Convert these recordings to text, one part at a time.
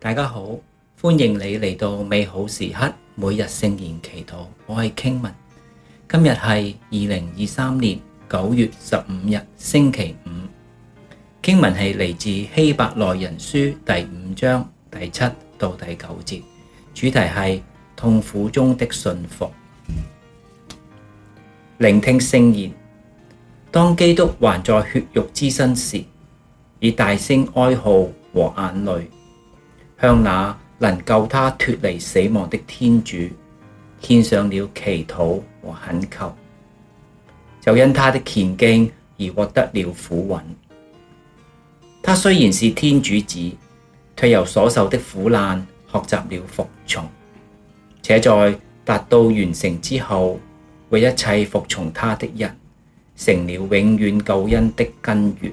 大家好，歡迎你嚟到美好時刻每日聖言祈禱。我係傾文，今日係二零二三年九月十五日星期五。傾文係嚟自希伯來人書第五章第七到第九節，主題係痛苦中的順服。 聆聽聖言，當基督還在血肉之身時，以大聲哀號和眼淚。向那能救他脫離死亡的天主，獻上了祈禱和懇求，就因他的虔敬而獲得了俯允。他雖然是天主子，卻由所受的苦難，學習了服從，且在達到完成之後，為一切服從他的人，成了永遠救恩的根源。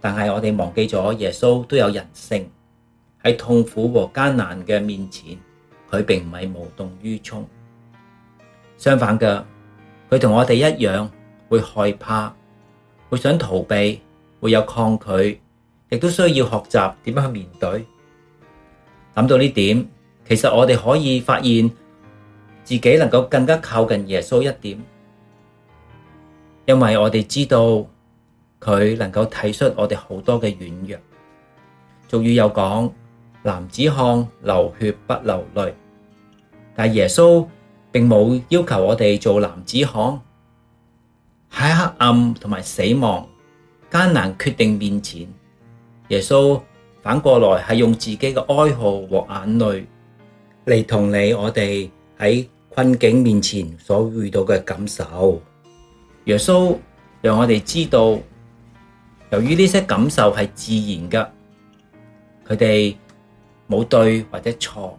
但係我哋忘記咗耶穌都有人性，喺痛苦和艱難嘅面前，佢並唔係無動於衷。相反嘅，佢同我哋一樣，會害怕，會想逃避，會有抗拒，亦都需要學習點樣去面對。諗到呢點，其實我哋可以發現自己能夠更加靠近耶穌一點，因為我哋知道。佢能夠體恤我哋好多嘅軟弱。俗語有講，男子漢流血不流淚，但耶穌並冇要求我哋做男子漢。喺黑暗同埋死亡、艱難決定面前，耶穌反過來係用自己嘅哀號和眼淚嚟同理我哋喺困境面前所遇到嘅感受。耶穌讓我哋知道。由於呢些感受係自然嘅，佢哋冇對或者錯，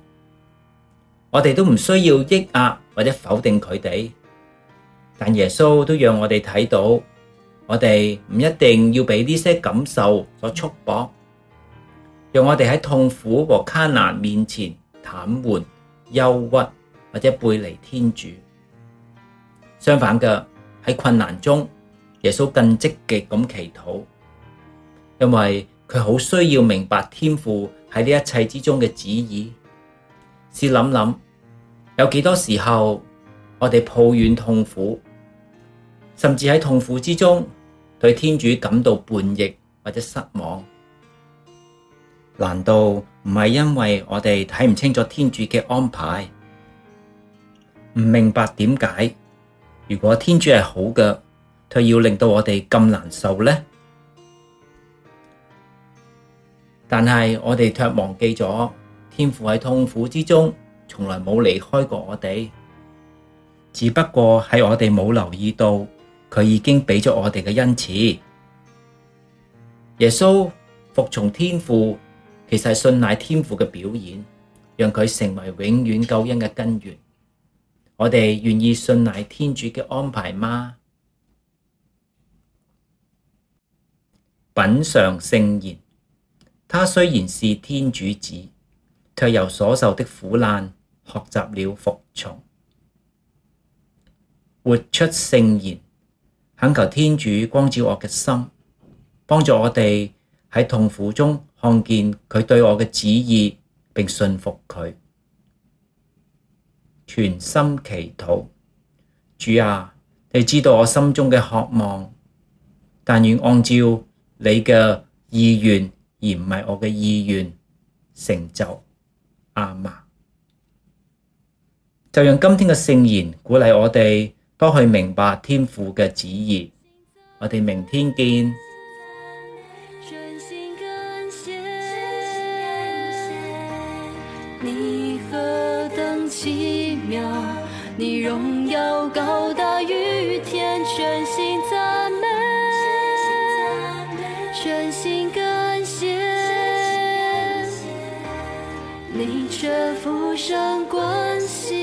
我哋都唔需要抑壓或者否定佢哋。但耶穌都讓我哋睇到，我哋唔一定要俾呢些感受所束縛，讓我哋喺痛苦和艱難面前癱瘓、憂鬱或者背離天主。相反嘅，喺困難中，耶穌更積極咁祈禱。因為佢好需要明白天父喺呢一切之中嘅旨意。試諗諗，有幾多時候我哋抱怨痛苦，甚至喺痛苦之中對天主感到叛逆或者失望？難道唔係因為我哋睇唔清楚天主嘅安排，唔明白點解如果天主係好嘅，佢要令到我哋咁難受呢？但係我哋卻忘記咗，天父喺痛苦之中，從來冇離開過我哋，只不過係我哋冇留意到，佢已經畀咗我哋嘅恩賜。耶穌服從天父，其實係信賴天父嘅表演，讓佢成為永遠救恩嘅根源。我哋願意信賴天主嘅安排嗎？品嘗聖言。他雖然是天主子，卻由所受的苦難，學習了服從，活出聖言，懇求天主光照我嘅心，幫助我哋喺痛苦中看見佢對我嘅旨意，並順服佢。全心祈禱，主啊，你知道我心中嘅渴望，但願按照你嘅意願。而唔係我嘅意願成就阿們。就讓今天嘅聖言鼓勵我哋，多去明白天父嘅旨意。我哋明天見。 你卻俯身關心。